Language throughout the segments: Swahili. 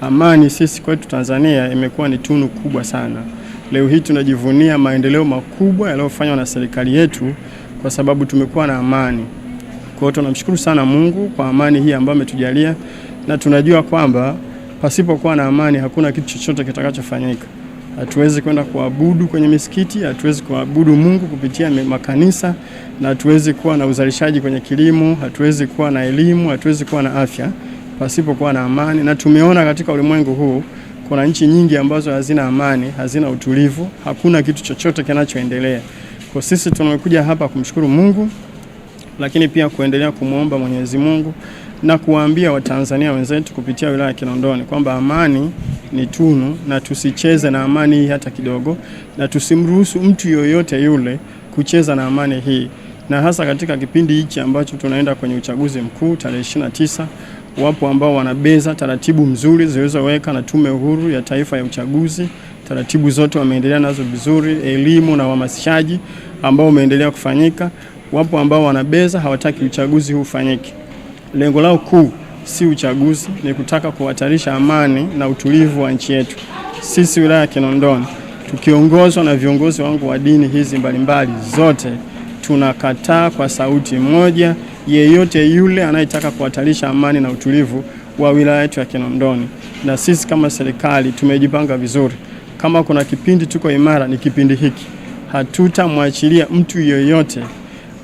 Amani sisi kwetu Tanzania imekuwa ni tunu kubwa sana. Leo hii tunajivunia maendeleo makubwa yaliyofanywa na serikali yetu kwa sababu tumekuwa na amani. Kwa hiyo tunamshukuru sana Mungu kwa amani hii ambayo ametujalia, na tunajua kwamba pasipokuwa na amani hakuna kitu chochote kitakachofanyika. Hatuwezi kwenda kuabudu kwenye misikiti, hatuwezi kuabudu Mungu kupitia makanisa, na hatuwezi kuwa na uzalishaji kwenye kilimo, hatuwezi kuwa na elimu, hatuwezi kuwa na afya pasipokuwa na amani, na tumeona katika ulimwengu huu kuna nchi nyingi ambazo hazina amani, hazina utulivu, hakuna kitu chochote kinachoendelea. Kwa sisi tumekuja hapa kumshukuru Mungu, lakini pia kuendelea kumwomba Mwenyezi Mungu na kuwaambia Watanzania wenzetu kupitia wilaya ya Kinondoni kwamba amani ni tunu na tusicheze na amani hii hata kidogo, na tusimruhusu mtu yoyote yule kucheza na amani hii, na hasa katika kipindi hichi ambacho tunaenda kwenye uchaguzi mkuu tarehe 29 wapo ambao wanabeza taratibu mzuri zilizoweka na Tume Huru ya Taifa ya Uchaguzi. Taratibu zote wameendelea nazo vizuri, elimu na uhamasishaji ambao umeendelea kufanyika. Wapo ambao wanabeza, hawataki uchaguzi huu ufanyike. Lengo lao kuu si uchaguzi, ni kutaka kuhatarisha amani na utulivu wa nchi yetu. Sisi wilaya ya Kinondoni tukiongozwa na viongozi wangu wa dini hizi mbalimbali zote tunakataa kwa sauti moja yeyote yule anayetaka kuhatarisha amani na utulivu wa wilaya yetu ya Kinondoni. Na sisi kama serikali tumejipanga vizuri, kama kuna kipindi tuko imara ni kipindi hiki. Hatutamwachilia mtu yeyote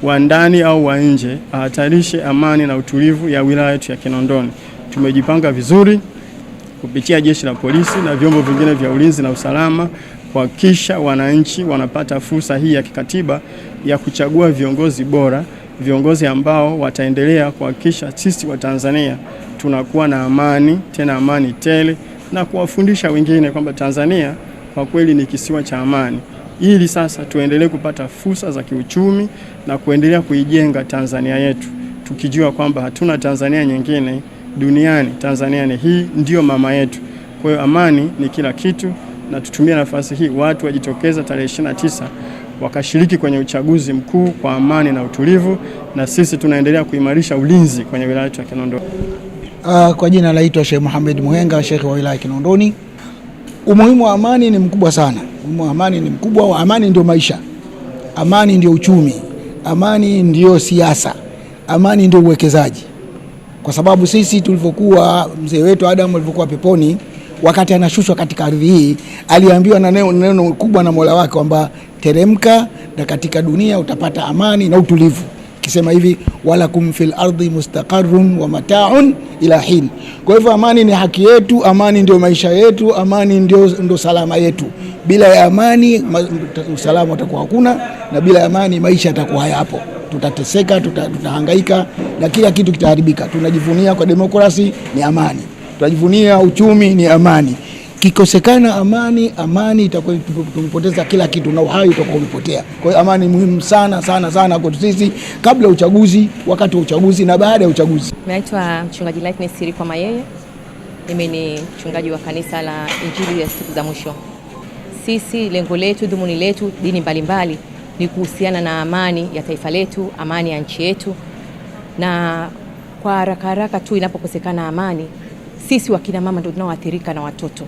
wa ndani au wa nje ahatarishe amani na utulivu ya wilaya yetu ya Kinondoni. Tumejipanga vizuri kupitia jeshi la polisi na vyombo vingine vya ulinzi na usalama kuhakikisha wananchi wanapata fursa hii ya kikatiba ya kuchagua viongozi bora viongozi ambao wataendelea kuhakikisha sisi wa tanzania tunakuwa na amani, tena amani tele, na kuwafundisha wengine kwamba Tanzania kwa kweli ni kisiwa cha amani, ili sasa tuendelee kupata fursa za kiuchumi na kuendelea kuijenga Tanzania yetu, tukijua kwamba hatuna Tanzania nyingine duniani. Tanzania ni hii, ndiyo mama yetu. Kwa hiyo amani ni kila kitu, na tutumie nafasi hii, watu wajitokeza tarehe 29 wakashiriki kwenye uchaguzi mkuu kwa amani na utulivu, na sisi tunaendelea kuimarisha ulinzi kwenye wilaya yetu ya Kinondoni. Uh, kwa jina laitwa Sheikh Muhammad Muhenga, Sheikh wa wilaya ya Kinondoni. Umuhimu wa amani ni mkubwa sana, umuhimu wa amani ni mkubwa. Amani ndio maisha, amani ndio uchumi, amani ndio siasa, amani ndio uwekezaji, kwa sababu sisi tulivyokuwa, mzee wetu Adamu alivyokuwa peponi wakati anashushwa katika ardhi hii aliambiwa na neno kubwa na Mola wake kwamba teremka na katika dunia utapata amani na utulivu, kisema hivi walakum fil ardi mustaqarrun wa mataun ila hin. Kwa hivyo amani ni haki yetu, amani ndio maisha yetu, amani ndio, ndio salama yetu. Bila ya amani usalama utakuwa hakuna, na bila ya amani maisha yatakuwa hayapo. Tutateseka, tutahangaika, tuta na kila kitu kitaharibika. Tunajivunia kwa demokrasi ni amani, tunajivunia uchumi ni amani ikikosekana amani, amani itakuwa tumepoteza kila kitu na uhai utakuwa umepotea. Kwa hiyo amani muhimu sana sana sana kwetu sisi, kabla ya uchaguzi, wakati wa uchaguzi na baada ya uchaguzi. Naitwa mchungaji Lightness Sirikwa Mayeye, mimi ni mchungaji wa kanisa la Injili ya Siku za Mwisho. Sisi lengo letu, dhumuni letu, dini mbalimbali mbali, ni kuhusiana na amani ya taifa letu, amani ya nchi yetu, na kwa haraka haraka tu inapokosekana amani, sisi wakina mama ndio tunaoathirika na watoto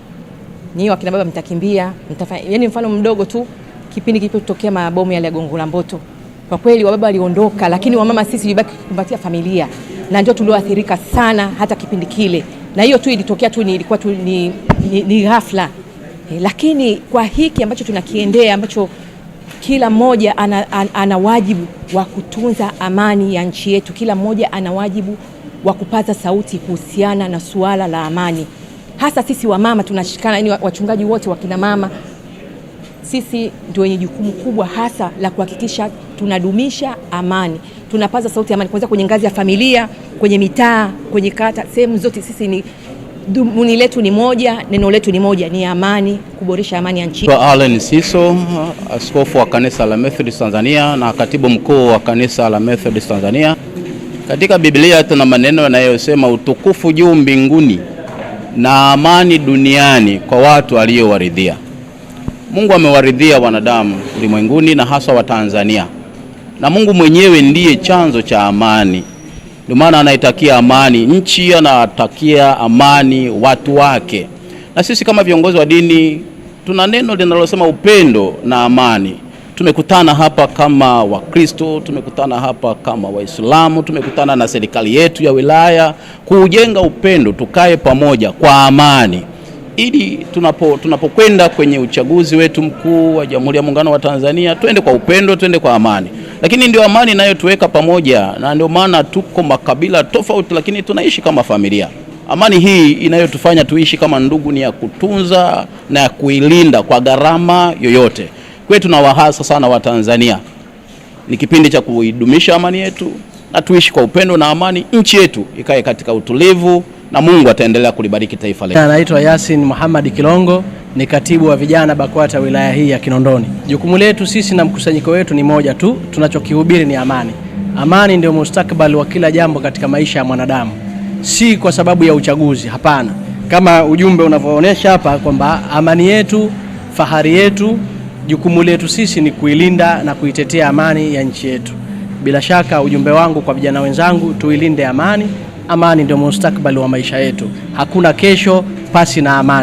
ni akina baba mtakimbia, mtafanya yani, mfano mdogo tu, kipindi kilipotokea mabomu yale ya Gongo la Mboto, kwa kweli wababa waliondoka, lakini wamama sisi tulibaki kukumbatia familia na ndio tulioathirika sana hata kipindi kile, na hiyo tu ilitokea tu, ilikuwa tu ni, ni, ni ghafla eh, lakini kwa hiki ambacho tunakiendea ambacho kila mmoja ana, ana, ana wajibu wa kutunza amani ya nchi yetu. Kila mmoja ana wajibu wa kupaza sauti kuhusiana na suala la amani hasa sisi wamama tunashikana, yani wachungaji wote kina mama sisi ndio wenye jukumu kubwa hasa la kuhakikisha tunadumisha amani, tunapaza sauti amani, kwanza kwenye ngazi ya familia, kwenye mitaa, kwenye kata, sehemu zote. Sisi ni dhumuni letu ni moja, neno letu ni moja, ni amani, kuboresha amani ya nchi. Allen Siso, askofu wa kanisa la Methodist Tanzania na katibu mkuu wa kanisa la Methodist Tanzania. Katika Biblia tuna maneno yanayosema utukufu juu mbinguni na amani duniani kwa watu aliyowaridhia. Mungu amewaridhia wanadamu ulimwenguni na hasa wa Tanzania, na Mungu mwenyewe ndiye chanzo cha amani. Ndio maana anaitakia amani nchi, anatakia amani watu wake, na sisi kama viongozi wa dini tuna neno linalosema upendo na amani. Tumekutana hapa kama Wakristo, tumekutana hapa kama Waislamu, tumekutana na serikali yetu ya wilaya kuujenga upendo, tukae pamoja kwa amani ili tunapo tunapokwenda kwenye uchaguzi wetu mkuu wa Jamhuri ya Muungano wa Tanzania twende kwa upendo, twende kwa amani, lakini ndio amani inayotuweka pamoja, na ndio maana tuko makabila tofauti, lakini tunaishi kama familia. Amani hii inayotufanya tuishi kama ndugu ni ya kutunza na ya kuilinda kwa gharama yoyote. Kwetu na wahasa sana wa tanzania ni kipindi cha kuidumisha amani yetu na tuishi kwa upendo na amani, nchi yetu ikae katika utulivu na Mungu ataendelea kulibariki taifa letu. Anaitwa Yasin Muhammad Kilongo, ni katibu wa vijana BAKWATA wilaya hii ya Kinondoni. Jukumu letu sisi na mkusanyiko wetu ni moja tu, tunachokihubiri ni amani. Amani ndio mustakabali wa kila jambo katika maisha ya mwanadamu, si kwa sababu ya uchaguzi, hapana. Kama ujumbe unavyoonyesha hapa kwamba amani yetu, fahari yetu Jukumu letu sisi ni kuilinda na kuitetea amani ya nchi yetu. Bila shaka ujumbe wangu kwa vijana wenzangu, tuilinde amani. Amani ndio mustakabali wa maisha yetu. Hakuna kesho pasi na amani.